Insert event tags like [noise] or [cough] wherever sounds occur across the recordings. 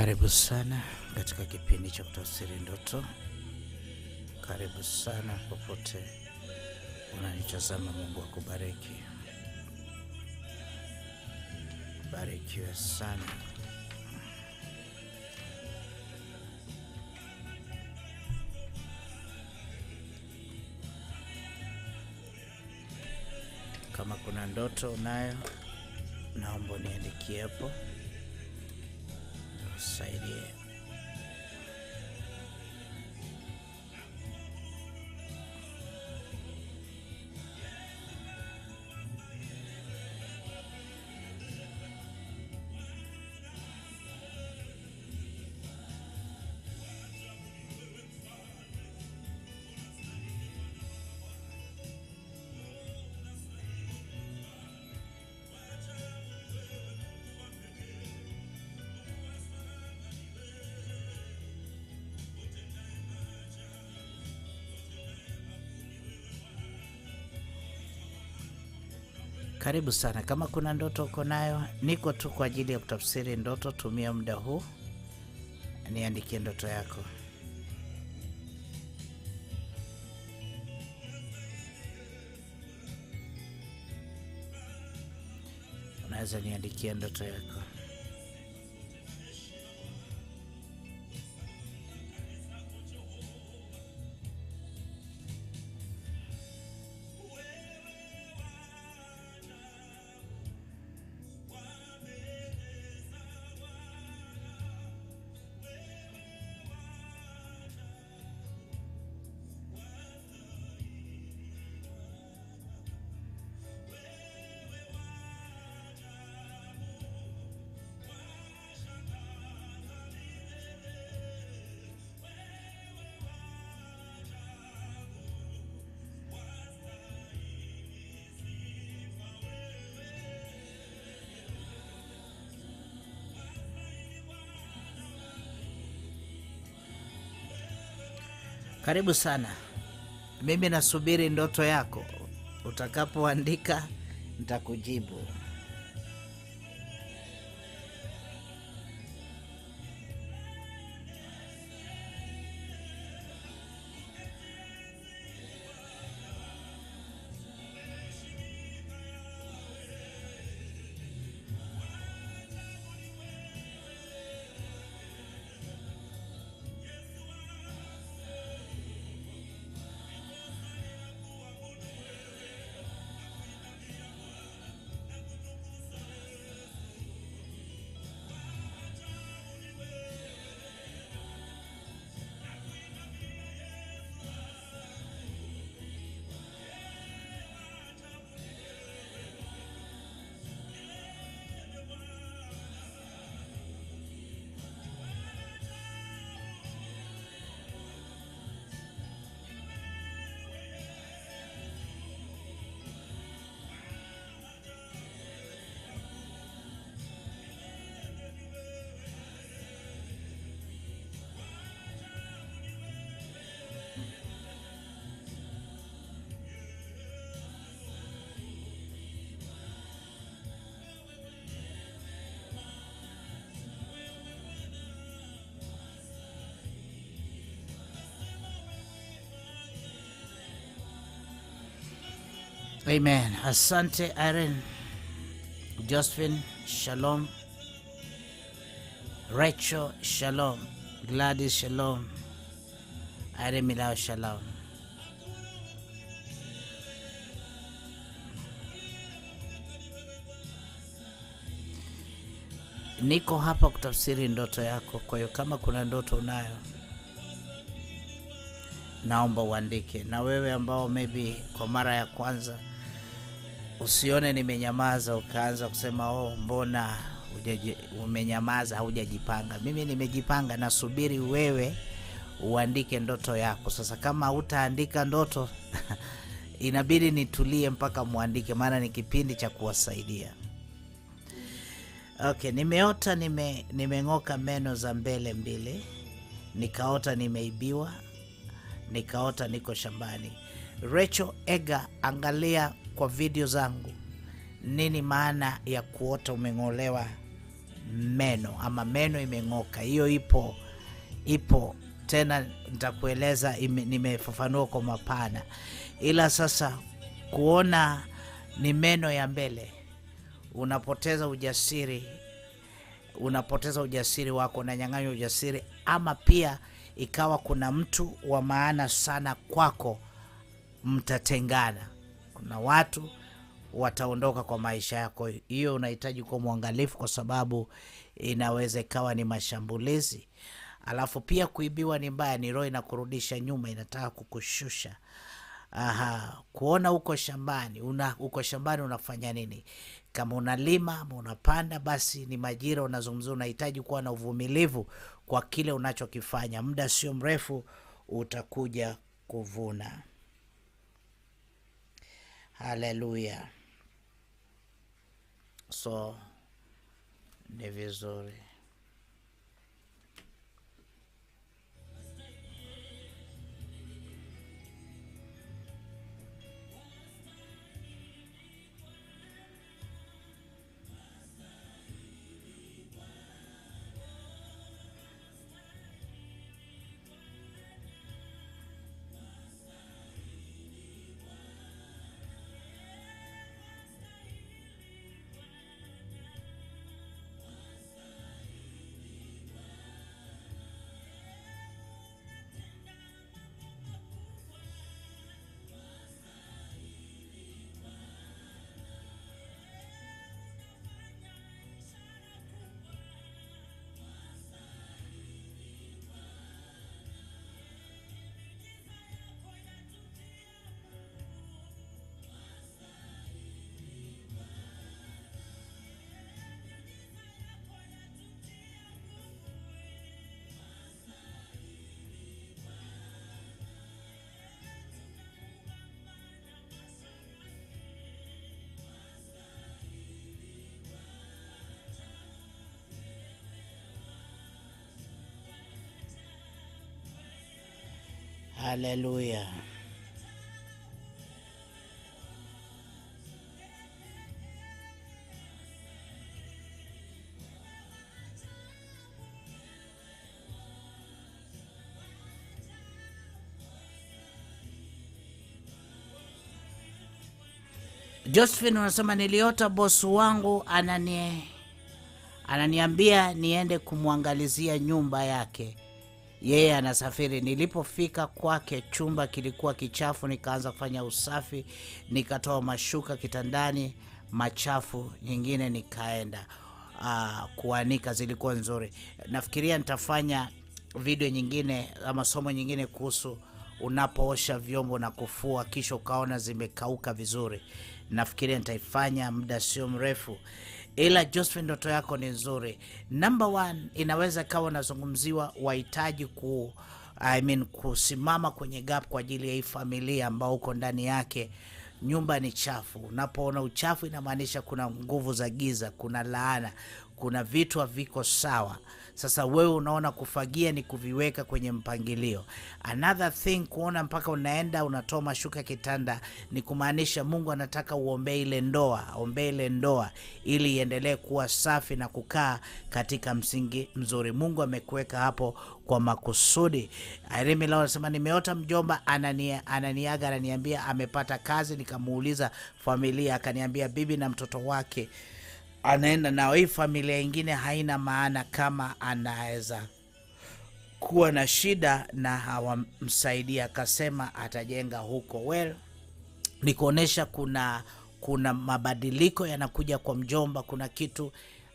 Karibu sana katika kipindi cha kutafsiri ndoto. Karibu sana popote unanitazama, Mungu akubariki, barikiwe sana. Kama kuna ndoto unayo, naomba niandikie hapo. Society. Karibu sana. Kama kuna ndoto uko nayo, niko tu kwa ajili ya kutafsiri ndoto. Tumia muda huu, niandikie ndoto yako. Unaweza niandikia ndoto yako. Karibu sana. Mimi nasubiri ndoto yako. Utakapoandika nitakujibu. Amen. Asante Aaron, Justin, Shalom. Rachel, Shalom. Gladys, Shalom. Aaron Milao, Shalom. Niko hapa kutafsiri ndoto yako. Kwa hiyo kama kuna ndoto unayo, naomba uandike. Na wewe ambao maybe kwa mara ya kwanza usione nimenyamaza ukaanza kusema oh, mbona umenyamaza haujajipanga. Mimi nimejipanga, nasubiri wewe uandike ndoto yako. Sasa kama utaandika ndoto [laughs] inabidi nitulie mpaka mwandike maana ni kipindi cha kuwasaidia. Okay, nimeota nime, nimeng'oka meno za mbele mbili, nikaota nimeibiwa, nikaota niko shambani. Rachel Ega, angalia kwa video zangu nini maana ya kuota umeng'olewa meno ama meno imeng'oka. Hiyo ipo, ipo tena, nitakueleza nimefafanua kwa mapana, ila sasa kuona ni meno ya mbele, unapoteza ujasiri, unapoteza ujasiri wako, unanyang'anywa ujasiri, ama pia ikawa kuna mtu wa maana sana kwako, mtatengana na watu wataondoka kwa maisha yako. Hiyo unahitaji kuwa mwangalifu, kwa sababu inaweza ikawa ni mashambulizi. Alafu pia kuibiwa ni mbaya, ni roho inakurudisha nyuma, inataka kukushusha. Aha, kuona uko shambani una, uko shambani unafanya nini? Kama unalima ama unapanda, basi ni majira unazungumzia. Unahitaji kuwa na uvumilivu kwa kile unachokifanya, muda sio mrefu utakuja kuvuna. Hallelujah. So ni vizuri. Haleluya. Josephine unasema niliota bosu wangu ananiambia niende kumwangalizia nyumba yake yeye anasafiri. Nilipofika kwake chumba kilikuwa kichafu, nikaanza kufanya usafi, nikatoa mashuka kitandani machafu, nyingine nikaenda uh, kuanika, zilikuwa nzuri. Nafikiria nitafanya video nyingine ama somo nyingine kuhusu unapoosha vyombo na kufua kisha ukaona zimekauka vizuri. Nafikiria nitaifanya muda sio mrefu ila Josephine, ndoto yako ni nzuri. Number one, inaweza ikawa unazungumziwa wahitaji ku I mean, kusimama kwenye gap kwa ajili ya hii familia ambao uko ndani yake. Nyumba ni chafu, unapoona uchafu inamaanisha kuna nguvu za giza, kuna laana, kuna vitu haviko sawa. Sasa wewe unaona kufagia ni kuviweka kwenye mpangilio. Another thing, kuona mpaka unaenda unatoa mashuka kitanda ni kumaanisha Mungu anataka uombee ile ndoa, ombee ile ndoa ili iendelee kuwa safi na kukaa katika msingi mzuri. Mungu amekuweka hapo kwa makusudi. Irene anasema nimeota mjomba anania, ananiaga ananiambia amepata kazi, nikamuuliza familia, akaniambia bibi na mtoto wake anaenda nao. Hii familia ingine haina maana kama anaweza kuwa na shida na hawamsaidia. Akasema atajenga huko. Well, ni kuonyesha kuna kuna mabadiliko yanakuja kwa mjomba, kuna kitu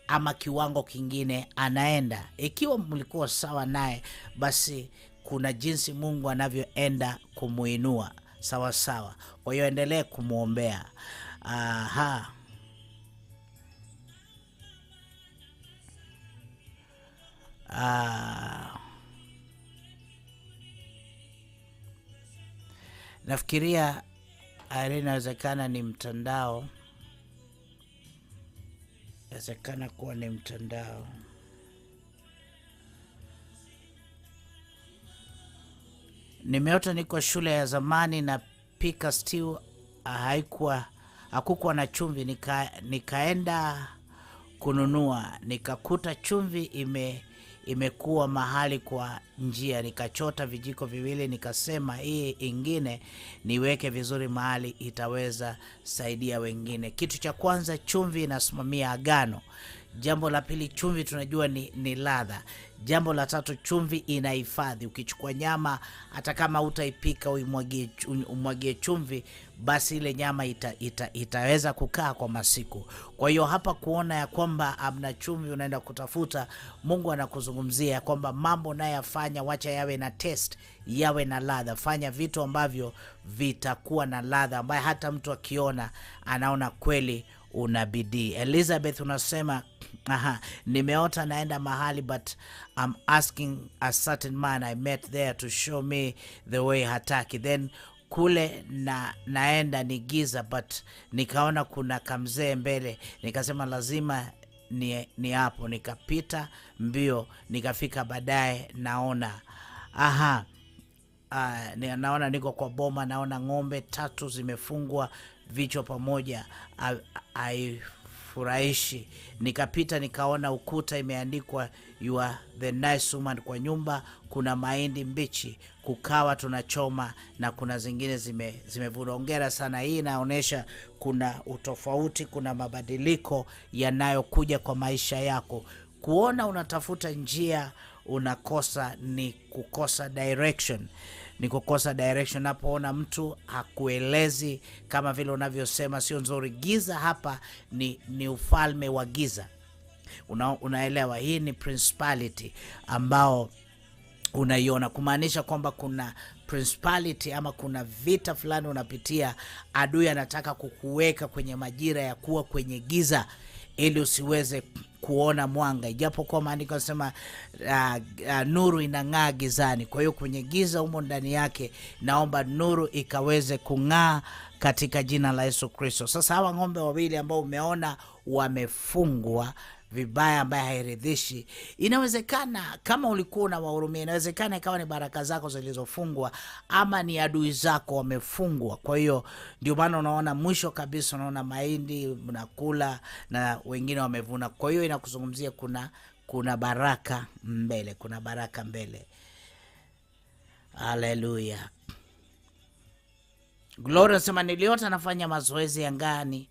ama kiwango kingine anaenda. Ikiwa mlikuwa sawa naye, basi kuna jinsi Mungu anavyoenda kumuinua sawasawa. Kwa hiyo endelee kumwombea. Aha. Ah. nafikiria ali inawezekana ni mtandao, inawezekana kuwa ni mtandao. Nimeota niko shule ya zamani na pika stew ah, haikuwa hakukuwa na chumvi, nika, nikaenda kununua nikakuta chumvi ime imekuwa mahali kwa njia, nikachota vijiko viwili, nikasema hii ingine niweke vizuri mahali itaweza saidia wengine. Kitu cha kwanza, chumvi inasimamia agano. Jambo la pili, chumvi tunajua ni, ni ladha. Jambo la tatu, chumvi inahifadhi. Ukichukua nyama, hata kama utaipika umwagie chumvi, basi ile nyama ita, ita, itaweza kukaa kwa masiku. Kwa hiyo hapa kuona ya kwamba amna chumvi, unaenda kutafuta, Mungu anakuzungumzia ya kwamba mambo nayafanya, wacha yawe na test, yawe na ladha. Fanya vitu ambavyo vitakuwa na ladha, ambaye hata mtu akiona anaona kweli una bidii. Elizabeth unasema aha, nimeota naenda mahali but I'm asking a certain man I met there to show me the way, hataki then kule na naenda ni giza, but nikaona kuna kamzee mbele, nikasema lazima ni, ni hapo. Nikapita mbio nikafika, baadaye naona aha, uh, naona niko kwa boma, naona ng'ombe tatu zimefungwa vichwa pamoja haifurahishi. Nikapita nikaona ukuta imeandikwa you are the nice woman. Kwa nyumba kuna mahindi mbichi, kukawa tunachoma na kuna zingine zime sana, hii inaonyesha kuna utofauti, kuna mabadiliko yanayokuja kwa maisha yako. Kuona unatafuta njia unakosa ni kukosa direction ni kukosa direction. Napoona mtu hakuelezi kama vile unavyosema, sio nzuri. Giza hapa ni, ni ufalme wa giza una, unaelewa, hii ni principality ambao unaiona kumaanisha kwamba kuna principality ama kuna vita fulani unapitia, adui anataka kukuweka kwenye majira ya kuwa kwenye giza ili usiweze kuona mwanga, ijapokuwa maandiko anasema uh, ah, uh, ah, nuru inang'aa gizani. Kwa hiyo kwenye giza humo ndani yake, naomba nuru ikaweze kung'aa katika jina la Yesu Kristo. Sasa hawa ng'ombe wawili ambao umeona wamefungwa vibaya ambaye hairidhishi. Inawezekana kama ulikuwa unawahurumia, inawezekana ikawa ni baraka zako zilizofungwa ama ni adui zako wamefungwa. Kwa hiyo ndio maana unaona mwisho kabisa, unaona mahindi mnakula na wengine wamevuna. Kwa hiyo inakuzungumzia kuna kuna baraka mbele, kuna baraka mbele. aleluya Gloria anasema niliota anafanya mazoezi ya ngani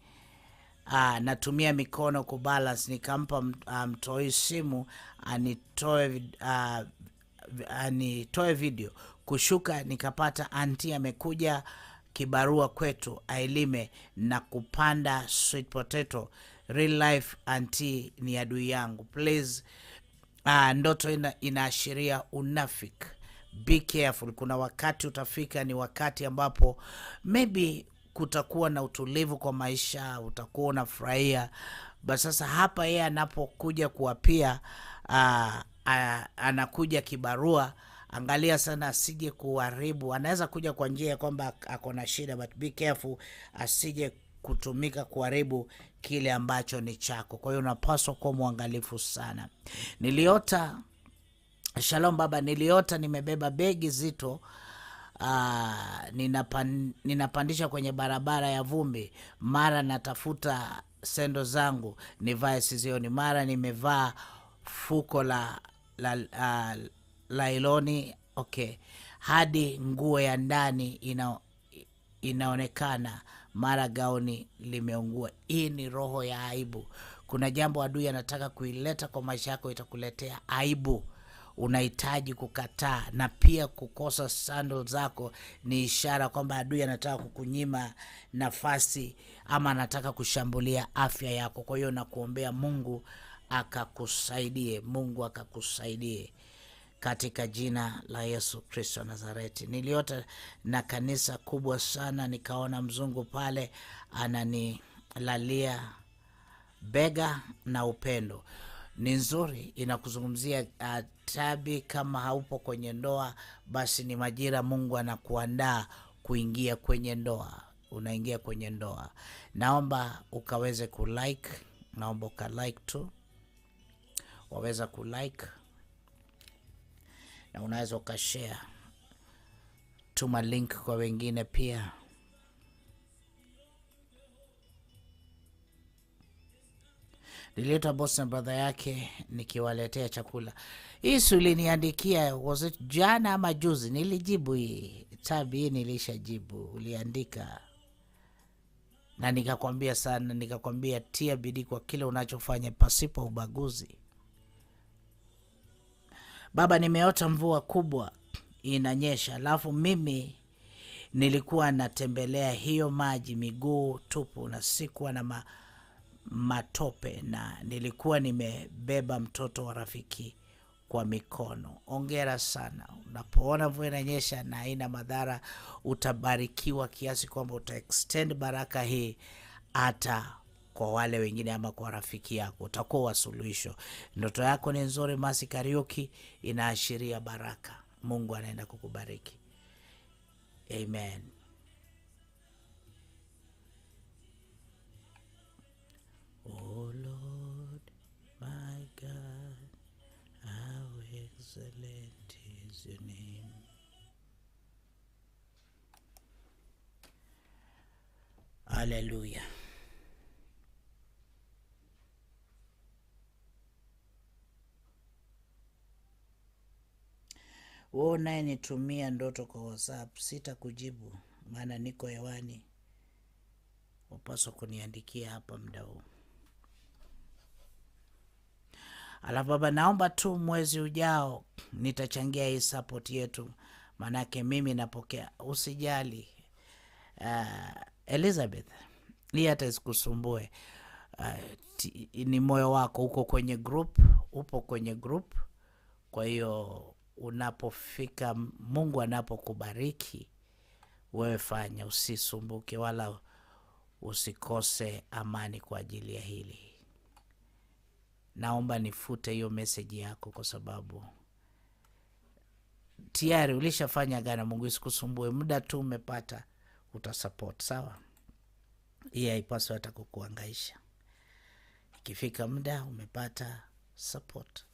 uh, natumia mikono kubalance, nikampa ah, mtoi um, simu anitoe ah, anitoe video kushuka, nikapata anti amekuja kibarua kwetu ailime na kupanda sweet potato. Real life anti ni adui yangu please. uh, ndoto ina, inaashiria unafik Be careful, kuna wakati utafika, ni wakati ambapo maybe kutakuwa na utulivu kwa maisha, utakuwa unafurahia. But sasa hapa yeye anapokuja kuwapia, uh, ah, uh, ah, anakuja kibarua. Angalia sana asije kuharibu. Anaweza kuja kwa njia ya kwamba ako na shida, but be careful asije kutumika kuharibu kile ambacho ni chako. Kwa hiyo unapaswa kuwa mwangalifu sana. Niliota, shalom baba, niliota nimebeba begi zito aa, ah, ninapan, ninapandisha kwenye barabara ya vumbi, mara natafuta sendo zangu nivae sizioni, mara nimevaa fuko la la, la, ah, la iloni okay, hadi nguo ya ndani ina, inaonekana mara gauni limeungua. Hii ni roho ya aibu. Kuna jambo adui anataka kuileta kwa maisha yako, itakuletea aibu unahitaji kukataa, na pia kukosa sandal zako ni ishara kwamba adui anataka kukunyima nafasi ama anataka kushambulia afya yako. Kwa hiyo nakuombea Mungu akakusaidie, Mungu akakusaidie katika jina la Yesu Kristo Nazareti. Niliota na kanisa kubwa sana, nikaona mzungu pale ananilalia bega na upendo ni nzuri, inakuzungumzia uh, tabi. Kama haupo kwenye ndoa, basi ni majira Mungu anakuandaa kuingia kwenye ndoa, unaingia kwenye ndoa. Naomba ukaweze kulike, naomba ukalike tu, waweza kulike na unaweza ukashare, tuma link kwa wengine pia. bosi na brother yake nikiwaletea chakula. Hii suliniandikia was it jana ama juzi, nilijibu hii tabi hii nilishajibu, uliandika na nikakwambia sana, nikakwambia tia bidii kwa kile unachofanya pasipo ubaguzi. Baba, nimeota mvua kubwa inanyesha, alafu mimi nilikuwa natembelea hiyo maji miguu tupu na sikuwa na ma matope na nilikuwa nimebeba mtoto wa rafiki kwa mikono. Ongera sana. Unapoona mvua inanyesha na haina madhara, utabarikiwa kiasi kwamba utaextend baraka hii hata kwa wale wengine ama kwa rafiki yako, utakuwa wasuluhisho. Ndoto yako ni nzuri, masi Kariuki, inaashiria baraka. Mungu anaenda kukubariki. Amen. O Lord, my God, how excellent is your name. Hallelujah. unayenitumia ndoto kwa WhatsApp sita kujibu, maana niko hewani. Upaswa kuniandikia hapa mda huu. Alafu baba, naomba tu mwezi ujao nitachangia hii sapoti yetu, maanake mimi napokea, usijali. Uh, Elizabeth, hii hata isikusumbue. Uh, ni moyo wako, uko kwenye group, upo kwenye group. Kwa hiyo unapofika, Mungu anapokubariki wewe, fanya usisumbuke, wala usikose amani kwa ajili ya hili naomba nifute hiyo meseji yako, kwa sababu tiari ulishafanya gana. Mungu isikusumbue, muda tu umepata utasapot, sawa? Hii haipaswi hata kukuangaisha. Ikifika muda umepata support.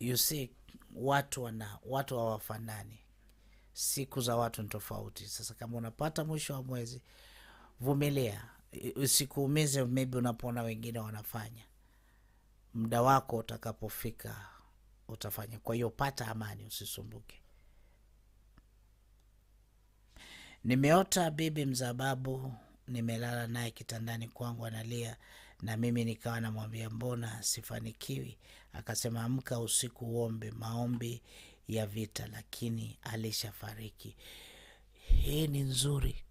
You see, watu wana watu hawafanani, siku za watu ni tofauti. Sasa kama unapata mwisho wa mwezi, vumilia usikuumize, maybe unapoona wengine wanafanya. Muda wako utakapofika utafanya. Kwa hiyo pata amani, usisumbuke. Nimeota bibi mzababu, nimelala naye kitandani kwangu analia, na mimi nikawa namwambia mbona sifanikiwi? Akasema amka usiku uombe maombi ya vita, lakini alishafariki. Hii ni nzuri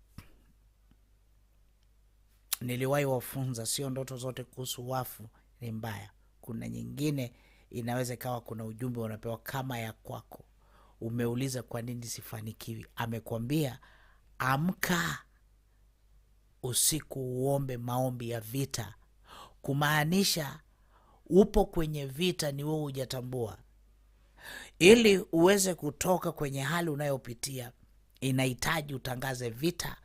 niliwahi wafunza, sio ndoto zote kuhusu wafu ni mbaya. Kuna nyingine inaweza ikawa kuna ujumbe unapewa kama ya kwako. Umeuliza kwa nini sifanikiwi, amekwambia amka usiku uombe maombi ya vita, kumaanisha upo kwenye vita, ni wewe hujatambua. Ili uweze kutoka kwenye hali unayopitia, inahitaji utangaze vita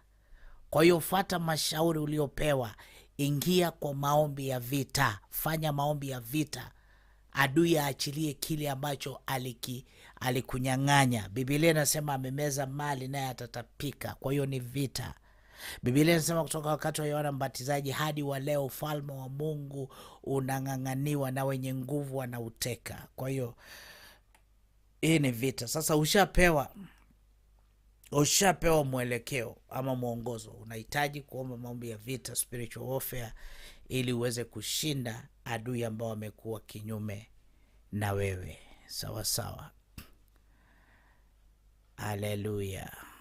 kwa hiyo fata mashauri uliopewa, ingia kwa maombi ya vita, fanya maombi ya vita, adui aachilie kile ambacho aliki alikunyang'anya. Bibilia inasema amemeza mali naye atatapika. Kwa hiyo ni vita. Bibilia inasema kutoka wakati wa Yohana Mbatizaji hadi wa leo ufalme wa Mungu unang'ang'aniwa na wenye nguvu wanauteka. Kwa hiyo hii ni vita. Sasa ushapewa ushapewa mwelekeo ama mwongozo, unahitaji kuomba maombi ya vita, spiritual warfare, ili uweze kushinda adui ambao amekuwa kinyume na wewe. haleluya sawa,